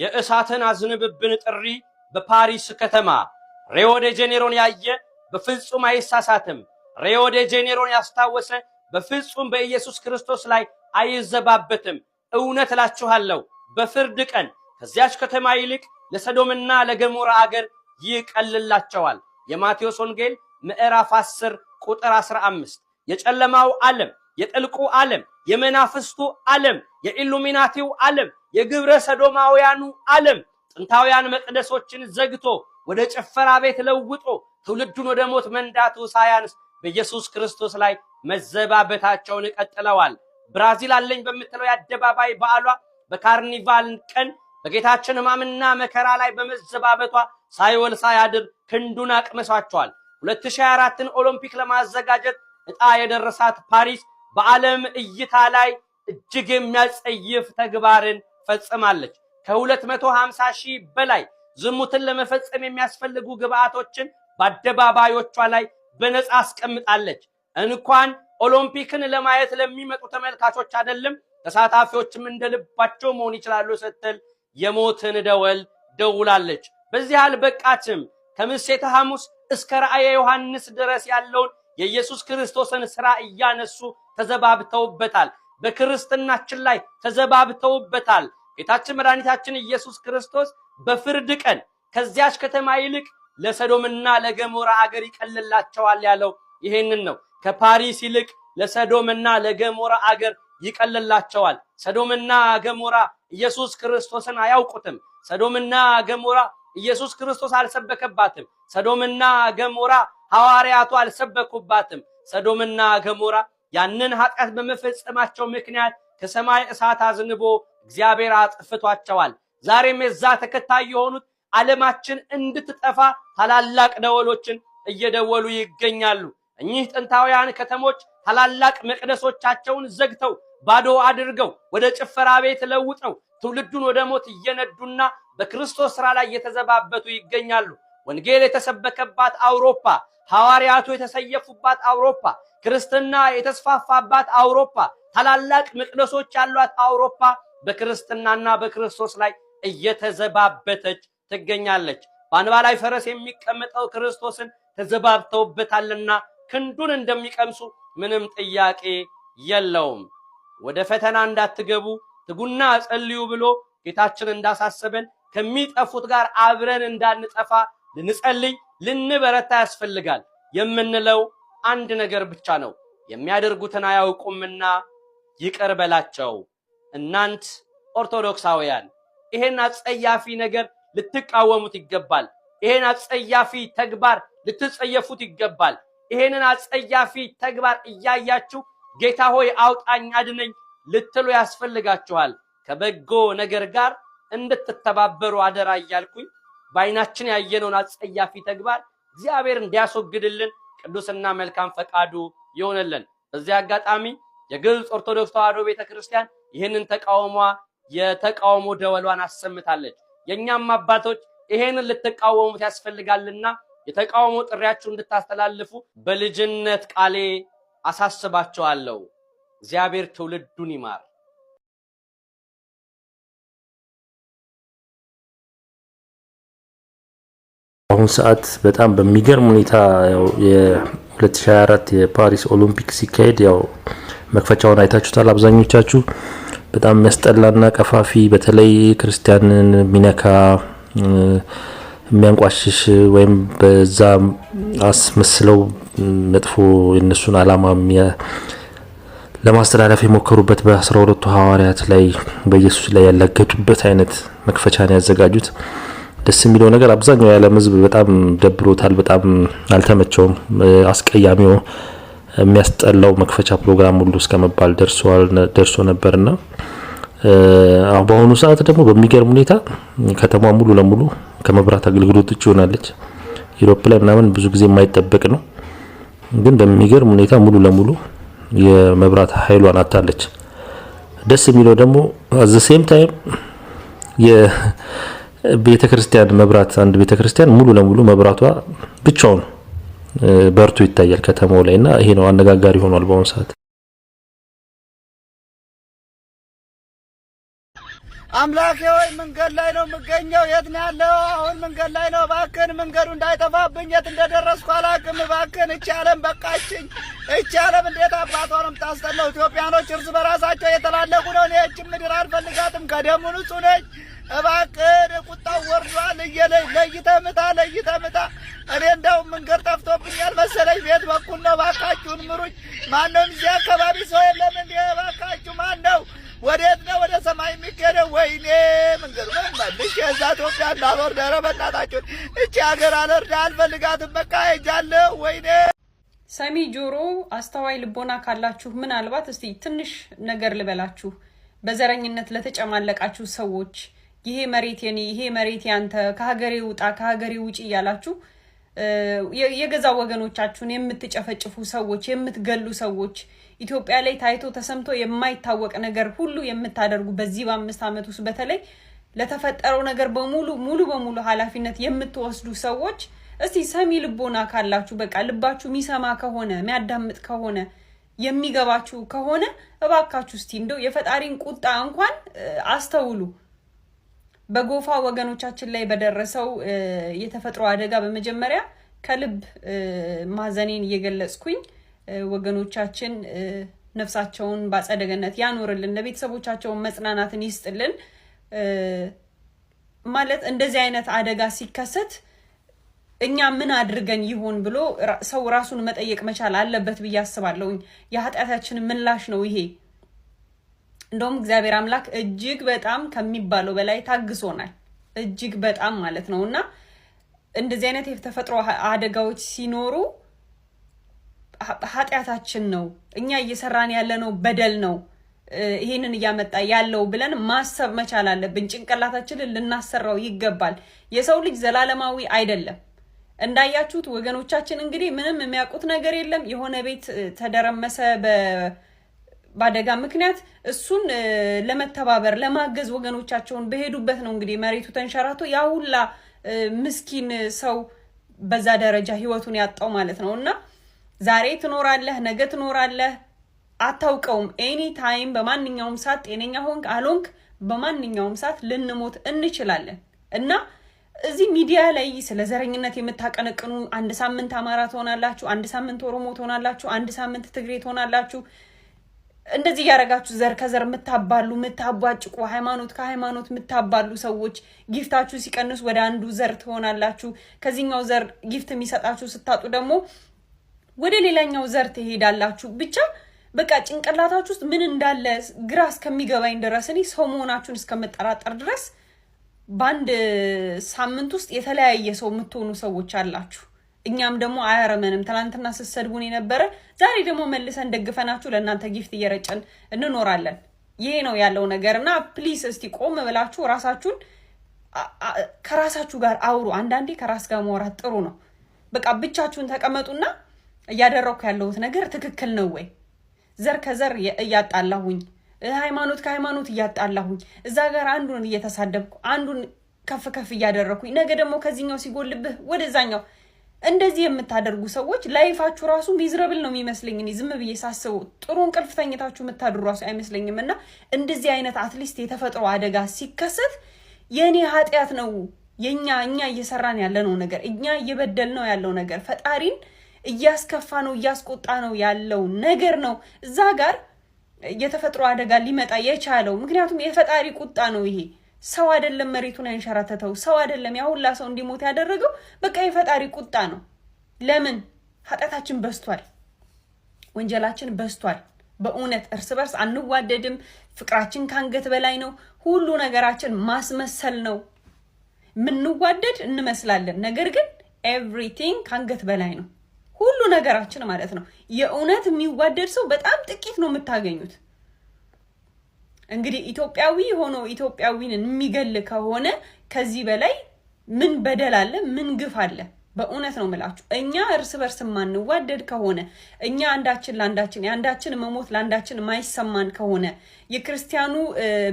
የእሳትን አዝንብብን ጥሪ በፓሪስ ከተማ ሪዮ ዴ ጄኔሮን ያየ በፍጹም አይሳሳትም። ሪዮ ዴ ጄኔሮን ያስታወሰ በፍጹም በኢየሱስ ክርስቶስ ላይ አይዘባበትም። እውነት እላችኋለሁ በፍርድ ቀን ከዚያች ከተማ ይልቅ ለሰዶምና ለገሞራ አገር ይቀልላቸዋል። የማቴዎስ ወንጌል ምዕራፍ 10 ቁጥር 15። የጨለማው ዓለም፣ የጥልቁ ዓለም፣ የመናፍስቱ ዓለም፣ የኢሉሚናቲው ዓለም የግብረ ሰዶማውያኑ ዓለም ጥንታውያን መቅደሶችን ዘግቶ ወደ ጭፈራ ቤት ለውጦ ትውልዱን ወደ ሞት መንዳቱ ሳያንስ በኢየሱስ ክርስቶስ ላይ መዘባበታቸውን ቀጥለዋል። ብራዚል አለኝ በምትለው የአደባባይ በዓሏ በካርኒቫል ቀን በጌታችን ሕማምና መከራ ላይ በመዘባበቷ ሳይወል ሳያድር ክንዱን አቅመሷቸዋል። 2024ን ኦሎምፒክ ለማዘጋጀት ዕጣ የደረሳት ፓሪስ በዓለም እይታ ላይ እጅግ የሚያጸይፍ ተግባርን ፈጽማለች። ከ250 ሺህ በላይ ዝሙትን ለመፈጸም የሚያስፈልጉ ግብአቶችን በአደባባዮቿ ላይ በነፃ አስቀምጣለች። እንኳን ኦሎምፒክን ለማየት ለሚመጡ ተመልካቾች አይደለም ተሳታፊዎችም እንደልባቸው መሆን ይችላሉ ስትል የሞትን ደወል ደውላለች። በዚህ አልበቃችም። ከምሴተ ሐሙስ እስከ ራእየ ዮሐንስ ድረስ ያለውን የኢየሱስ ክርስቶስን ሥራ እያነሱ ተዘባብተውበታል። በክርስትናችን ላይ ተዘባብተውበታል። ጌታችን መድኃኒታችን ኢየሱስ ክርስቶስ በፍርድ ቀን ከዚያች ከተማ ይልቅ ለሰዶምና ለገሞራ አገር ይቀልላቸዋል ያለው ይሄንን ነው። ከፓሪስ ይልቅ ለሰዶምና ለገሞራ አገር ይቀልላቸዋል። ሰዶምና ገሞራ ኢየሱስ ክርስቶስን አያውቁትም። ሰዶምና ገሞራ ኢየሱስ ክርስቶስ አልሰበከባትም። ሰዶምና ገሞራ ሐዋርያቱ አልሰበኩባትም። ሰዶምና ገሞራ ያንን ኃጢአት በመፈጸማቸው ምክንያት ከሰማይ እሳት አዝንቦ እግዚአብሔር አጥፍቷቸዋል። ዛሬም የዛ ተከታይ የሆኑት ዓለማችን እንድትጠፋ ታላላቅ ደወሎችን እየደወሉ ይገኛሉ። እኚህ ጥንታውያን ከተሞች ታላላቅ መቅደሶቻቸውን ዘግተው ባዶ አድርገው ወደ ጭፈራ ቤት ለውጠው ትውልዱን ወደ ሞት እየነዱና በክርስቶስ ስራ ላይ እየተዘባበቱ ይገኛሉ። ወንጌል የተሰበከባት አውሮፓ ሐዋርያቱ የተሰየፉባት አውሮፓ፣ ክርስትና የተስፋፋባት አውሮፓ፣ ታላላቅ መቅደሶች ያሏት አውሮፓ በክርስትናና በክርስቶስ ላይ እየተዘባበተች ትገኛለች። በአንባ ላይ ፈረስ የሚቀመጠው ክርስቶስን ተዘባብተውበታልና ክንዱን እንደሚቀምሱ ምንም ጥያቄ የለውም። ወደ ፈተና እንዳትገቡ ትጉና ጸልዩ ብሎ ጌታችን እንዳሳሰበን ከሚጠፉት ጋር አብረን እንዳንጠፋ ልንጸልይ ልንበረታ ያስፈልጋል የምንለው አንድ ነገር ብቻ ነው። የሚያደርጉትን አያውቁምና ይቅር በላቸው። እናንት ኦርቶዶክሳውያን ይሄን አጸያፊ ነገር ልትቃወሙት ይገባል። ይሄን አጸያፊ ተግባር ልትጸየፉት ይገባል። ይሄንን አጸያፊ ተግባር እያያችሁ ጌታ ሆይ አውጣኝ፣ አድነኝ ልትሉ ያስፈልጋችኋል። ከበጎ ነገር ጋር እንድትተባበሩ አደራ እያልኩኝ በአይናችን ያየነውን አጸያፊ ተግባር እግዚአብሔር እንዲያስወግድልን ቅዱስና መልካም ፈቃዱ ይሆንልን። በዚህ አጋጣሚ የግብፅ ኦርቶዶክስ ተዋሕዶ ቤተክርስቲያን ይህንን ተቃውሟ የተቃውሞ ደወሏን አሰምታለች። የእኛም አባቶች ይሄንን ልትቃወሙት ያስፈልጋልና የተቃውሞ ጥሪያችሁ እንድታስተላልፉ በልጅነት ቃሌ አሳስባቸዋለሁ። እግዚአብሔር ትውልዱን ይማር። በአሁኑ ሰዓት በጣም በሚገርም ሁኔታ የ2024 የፓሪስ ኦሎምፒክ ሲካሄድ ያው መክፈቻውን አይታችሁታል አብዛኞቻችሁ። በጣም የሚያስጠላና ቀፋፊ በተለይ ክርስቲያንን የሚነካ የሚያንቋሽሽ ወይም በዛ አስመስለው መጥፎ የነሱን አላማ ለማስተላለፍ የሞከሩበት በአስራ ሁለቱ ሐዋርያት ላይ በኢየሱስ ላይ ያላገጡበት አይነት መክፈቻን ያዘጋጁት ደስ የሚለው ነገር አብዛኛው የዓለም ህዝብ በጣም ደብሮታል፣ በጣም አልተመቸውም። አስቀያሚው የሚያስጠላው መክፈቻ ፕሮግራም ሁሉ እስከ መባል ደርሶ ነበርና በአሁኑ ሰዓት ደግሞ በሚገርም ሁኔታ ከተማ ሙሉ ለሙሉ ከመብራት አገልግሎት ውጭ ሆናለች። ዩሮፕ ላይ ምናምን ብዙ ጊዜ የማይጠበቅ ነው፣ ግን በሚገርም ሁኔታ ሙሉ ለሙሉ የመብራት ኃይሏን አታለች። ደስ የሚለው ደግሞ አዘ ሴም ታይም ቤተክርስቲያን መብራት አንድ ቤተክርስቲያን ሙሉ ለሙሉ መብራቷ ብቻውን በርቶ ይታያል ከተማው ላይ እና ይሄ ነው አነጋጋሪ ሆኗል በአሁኑ ሰዓት። አምላኬ ሆይ መንገድ ላይ ነው የምገኘው። የት ነው ያለው? አሁን መንገድ ላይ ነው። እባክህን መንገዱ እንዳይጠፋብኝ የት እንደደረስኩ አላውቅም። እባክህን እቺ ዓለም በቃችኝ። እቺ ዓለም እንዴት አባቷ ነው የምታስጠላው? ኢትዮጵያኖች እርስ በራሳቸው የተላለቁ ነው። እኔ እቺ ምድር አልፈልጋትም። ከደሙ ንጹህ ነች። እባክህን ቁጣው ወርዷል። እየለይ ለይተህ ምታ፣ ለይተህ ምታ። እኔ እንደው መንገድ ጠፍቶብኛል መሰለኝ። ቤት በኩል ነው። እባካችሁን ምሩኝ። እዚህ አካባቢ ሰው የለም እንዴ? እባካችሁ ማን ነው? ወዴት ነው ወደ ሰማይ የሚገደው? ወይኔ የዛ ኢትዮጵያ በእናታችሁን እቺ ሀገር አልወርድ አልፈልጋትም። በቃ ሄጃለሁ። ወይኔ ሰሚ ጆሮ፣ አስተዋይ ልቦና ካላችሁ ምናልባት እስቲ ትንሽ ነገር ልበላችሁ። በዘረኝነት ለተጨማለቃችሁ ሰዎች ይሄ መሬት የኔ፣ ይሄ መሬት ያንተ፣ ከሀገሬ ውጣ፣ ከሀገሬ ውጪ እያላችሁ የገዛ ወገኖቻችሁን የምትጨፈጭፉ ሰዎች፣ የምትገሉ ሰዎች ኢትዮጵያ ላይ ታይቶ ተሰምቶ የማይታወቅ ነገር ሁሉ የምታደርጉ በዚህ በአምስት ዓመት ውስጥ በተለይ ለተፈጠረው ነገር በሙሉ ሙሉ በሙሉ ኃላፊነት የምትወስዱ ሰዎች እስቲ ሰሚ ልቦና ካላችሁ በቃ ልባችሁ የሚሰማ ከሆነ የሚያዳምጥ ከሆነ የሚገባችሁ ከሆነ እባካችሁ እስቲ እንደው የፈጣሪን ቁጣ እንኳን አስተውሉ። በጎፋ ወገኖቻችን ላይ በደረሰው የተፈጥሮ አደጋ በመጀመሪያ ከልብ ማዘኔን እየገለጽኩኝ ወገኖቻችን ነፍሳቸውን በአጸደ ያኖርልን፣ ለቤተሰቦቻቸውን መጽናናትን ይስጥልን። ማለት እንደዚህ አይነት አደጋ ሲከሰት እኛ ምን አድርገን ይሆን ብሎ ሰው ራሱን መጠየቅ መቻል አለበት ብዬ አስባለሁኝ። የኃጢአታችን ምላሽ ነው ይሄ። እንደውም እግዚአብሔር አምላክ እጅግ በጣም ከሚባለው በላይ ታግሶናል። እጅግ በጣም ማለት ነው እና እንደዚህ አይነት የተፈጥሮ አደጋዎች ሲኖሩ ኃጢአታችን ነው እኛ እየሰራን ያለነው በደል ነው ይህንን እያመጣ ያለው ብለን ማሰብ መቻል አለብን። ጭንቅላታችንን ልናሰራው ይገባል። የሰው ልጅ ዘላለማዊ አይደለም። እንዳያችሁት ወገኖቻችን እንግዲህ ምንም የሚያውቁት ነገር የለም። የሆነ ቤት ተደረመሰ በአደጋ ምክንያት እሱን ለመተባበር ለማገዝ ወገኖቻቸውን በሄዱበት ነው እንግዲህ መሬቱ ተንሸራቶ ያ ሁላ ምስኪን ሰው በዛ ደረጃ ህይወቱን ያጣው ማለት ነው። እና ዛሬ ትኖራለህ፣ ነገ ትኖራለህ፣ አታውቀውም። ኤኒ ታይም በማንኛውም ሰዓት ጤነኛ ሆንክ አልሆንክ በማንኛውም ሰዓት ልንሞት እንችላለን እና እዚህ ሚዲያ ላይ ስለ ዘረኝነት የምታቀነቅኑ አንድ ሳምንት አማራ ትሆናላችሁ፣ አንድ ሳምንት ኦሮሞ ትሆናላችሁ፣ አንድ ሳምንት ትግሬ ትሆናላችሁ እንደዚህ እያደረጋችሁ ዘር ከዘር የምታባሉ የምታቧጭቁ፣ ሃይማኖት ከሃይማኖት የምታባሉ ሰዎች ጊፍታችሁ ሲቀንስ ወደ አንዱ ዘር ትሆናላችሁ። ከዚህኛው ዘር ጊፍት የሚሰጣችሁ ስታጡ ደግሞ ወደ ሌላኛው ዘር ትሄዳላችሁ። ብቻ በቃ ጭንቅላታችሁ ውስጥ ምን እንዳለ ግራ እስከሚገባኝ ድረስ እኔ ሰው መሆናችሁን እስከምጠራጠር ድረስ በአንድ ሳምንት ውስጥ የተለያየ ሰው የምትሆኑ ሰዎች አላችሁ። እኛም ደግሞ አያረመንም። ትናንትና ስትሰድቡን የነበረ ዛሬ ደግሞ መልሰን ደግፈናችሁ ለእናንተ ጊፍት እየረጨን እንኖራለን። ይሄ ነው ያለው ነገር እና ፕሊስ እስቲ ቆም ብላችሁ ራሳችሁን ከራሳችሁ ጋር አውሩ። አንዳንዴ ከራስ ጋር መውራት ጥሩ ነው። በቃ ብቻችሁን ተቀመጡና እያደረኩ ያለሁት ነገር ትክክል ነው ወይ? ዘር ከዘር እያጣላሁኝ፣ ሃይማኖት ከሃይማኖት እያጣላሁኝ፣ እዛ ጋር አንዱን እየተሳደብኩ አንዱን ከፍ ከፍ እያደረኩኝ፣ ነገ ደግሞ ከዚህኛው ሲጎልብህ ወደዛኛው እንደዚህ የምታደርጉ ሰዎች ላይፋችሁ ራሱ ሚዝረብል ነው የሚመስለኝ። እኔ ዝም ብዬ ሳስበው ጥሩ እንቅልፍ ተኝታችሁ የምታድሩ ራሱ አይመስለኝም። እና እንደዚህ አይነት አትሊስት የተፈጥሮ አደጋ ሲከሰት የእኔ ኃጢአት ነው የእኛ እኛ እየሰራን ያለነው ነገር እኛ እየበደል ነው ያለው ነገር ፈጣሪን እያስከፋ ነው እያስቆጣ ነው ያለው ነገር ነው እዛ ጋር የተፈጥሮ አደጋ ሊመጣ የቻለው። ምክንያቱም የፈጣሪ ቁጣ ነው ይሄ። ሰው አይደለም መሬቱን ያንሸራተተው፣ ሰው አይደለም ያ ሁላ ሰው እንዲሞት ያደረገው። በቃ የፈጣሪ ቁጣ ነው። ለምን ኃጢአታችን በስቷል? ወንጀላችን በስቷል? በእውነት እርስ በርስ አንዋደድም። ፍቅራችን ከአንገት በላይ ነው። ሁሉ ነገራችን ማስመሰል ነው። የምንዋደድ እንመስላለን፣ ነገር ግን ኤቭሪቲንግ ከአንገት በላይ ነው። ሁሉ ነገራችን ማለት ነው። የእውነት የሚዋደድ ሰው በጣም ጥቂት ነው የምታገኙት። እንግዲህ ኢትዮጵያዊ ሆኖ ኢትዮጵያዊን የሚገል ከሆነ ከዚህ በላይ ምን በደል አለ? ምን ግፍ አለ? በእውነት ነው የምላችሁ። እኛ እርስ በርስ የማንዋደድ ከሆነ እኛ አንዳችን ለአንዳችን የአንዳችን መሞት ለአንዳችን ማይሰማን ከሆነ የክርስቲያኑ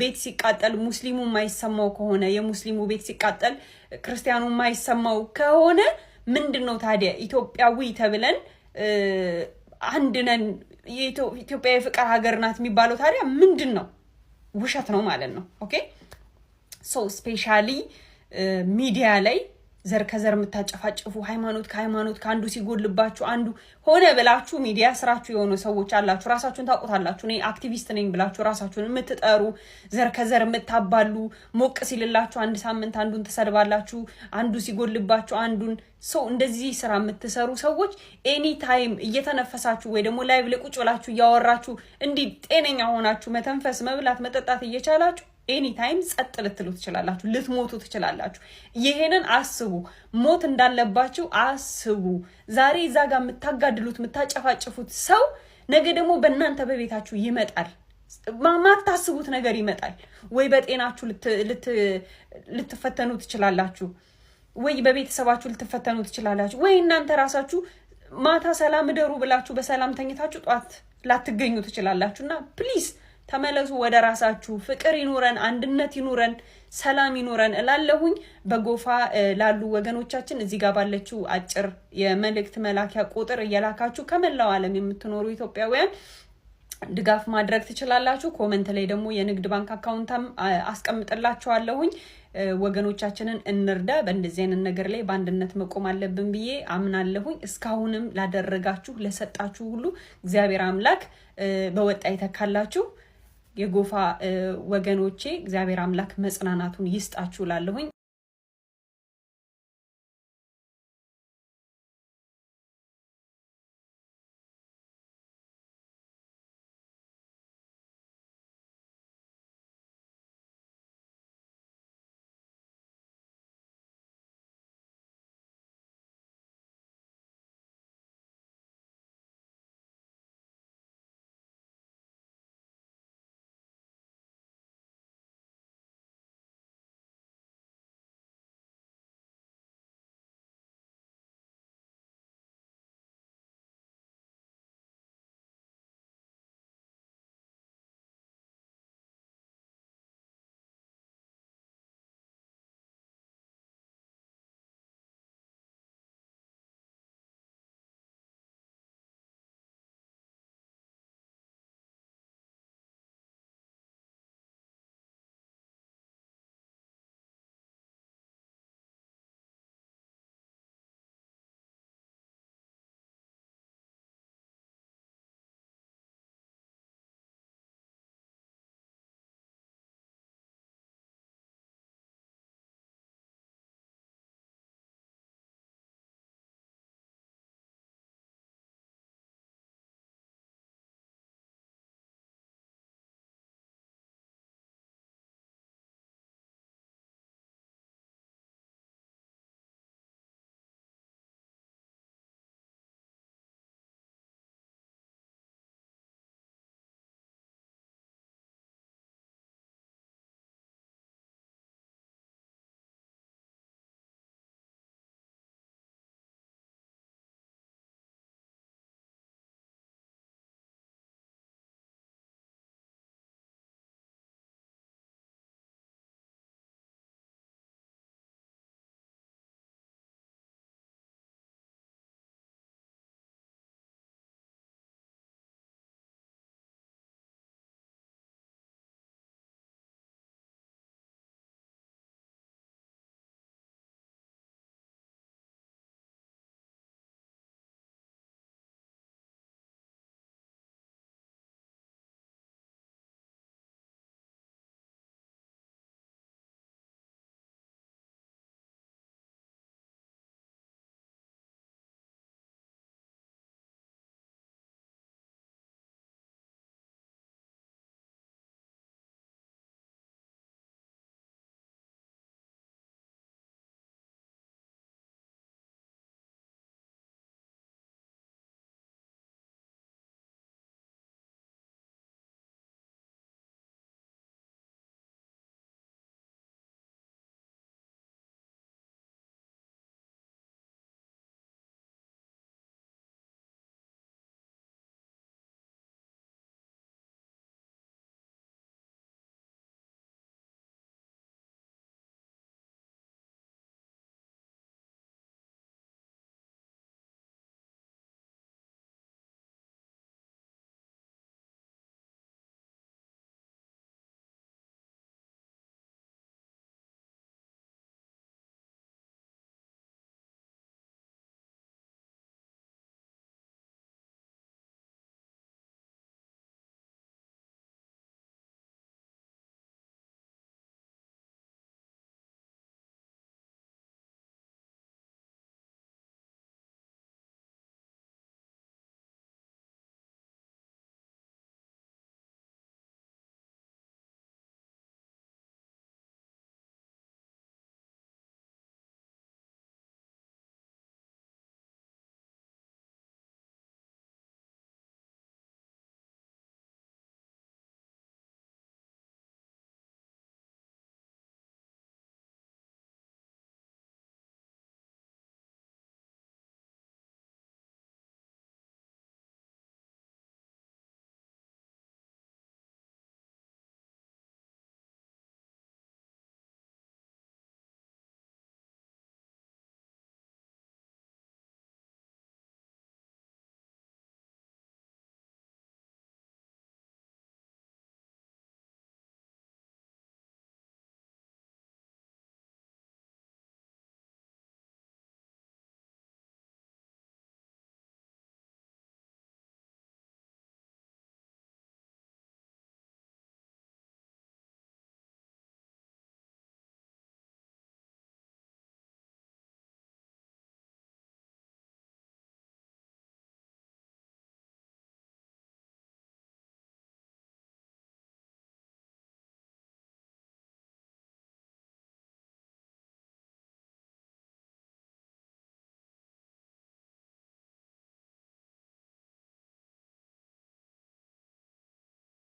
ቤት ሲቃጠል ሙስሊሙ ማይሰማው ከሆነ የሙስሊሙ ቤት ሲቃጠል ክርስቲያኑ ማይሰማው ከሆነ ምንድን ነው ታዲያ ኢትዮጵያዊ ተብለን አንድ ነን፣ ኢትዮጵያ የፍቅር ሀገር ናት የሚባለው ታዲያ ምንድን ነው? ውሸት ነው ማለት ነው። ኦኬ ሶ ስፔሻሊ uh, ሚዲያ ላይ ዘር ከዘር የምታጨፋጭፉ ሃይማኖት ከሃይማኖት ከአንዱ ሲጎልባችሁ አንዱ ሆነ ብላችሁ ሚዲያ ስራችሁ የሆኑ ሰዎች አላችሁ። ራሳችሁን ታውቁታላችሁ። እኔ አክቲቪስት ነኝ ብላችሁ ራሳችሁን የምትጠሩ ዘር ከዘር የምታባሉ ሞቅ ሲልላችሁ አንድ ሳምንት አንዱን ትሰድባላችሁ፣ አንዱ ሲጎልባችሁ አንዱን ሰው እንደዚህ ስራ የምትሰሩ ሰዎች ኤኒ ታይም እየተነፈሳችሁ ወይ ደግሞ ላይቭ ላይ ቁጭ ብላችሁ እያወራችሁ እንዲህ ጤነኛ ሆናችሁ መተንፈስ፣ መብላት፣ መጠጣት እየቻላችሁ ኤኒታይም ጸጥ ልትሉ ትችላላችሁ፣ ልትሞቱ ትችላላችሁ። ይሄንን አስቡ። ሞት እንዳለባችሁ አስቡ። ዛሬ እዛ ጋር የምታጋድሉት የምታጨፋጭፉት ሰው ነገ ደግሞ በእናንተ በቤታችሁ ይመጣል። ማታስቡት ነገር ይመጣል። ወይ በጤናችሁ ልትፈተኑ ትችላላችሁ፣ ወይ በቤተሰባችሁ ልትፈተኑ ትችላላችሁ፣ ወይ እናንተ ራሳችሁ ማታ ሰላም እደሩ ብላችሁ በሰላም ተኝታችሁ ጧት ላትገኙ ትችላላችሁ እና ፕሊዝ ተመለሱ ወደ ራሳችሁ። ፍቅር ይኑረን፣ አንድነት ይኑረን፣ ሰላም ይኑረን እላለሁኝ። በጎፋ ላሉ ወገኖቻችን እዚህ ጋር ባለችው አጭር የመልእክት መላኪያ ቁጥር እየላካችሁ ከመላው ዓለም የምትኖሩ ኢትዮጵያውያን ድጋፍ ማድረግ ትችላላችሁ። ኮመንት ላይ ደግሞ የንግድ ባንክ አካውንታም አስቀምጥላችኋለሁኝ። ወገኖቻችንን እንርዳ። በእንደዚህ አይነት ነገር ላይ በአንድነት መቆም አለብን ብዬ አምናለሁኝ። እስካሁንም ላደረጋችሁ ለሰጣችሁ ሁሉ እግዚአብሔር አምላክ በወጣ ይተካላችሁ። የጎፋ ወገኖቼ እግዚአብሔር አምላክ መጽናናቱን ይስጣችሁ ላለሁኝ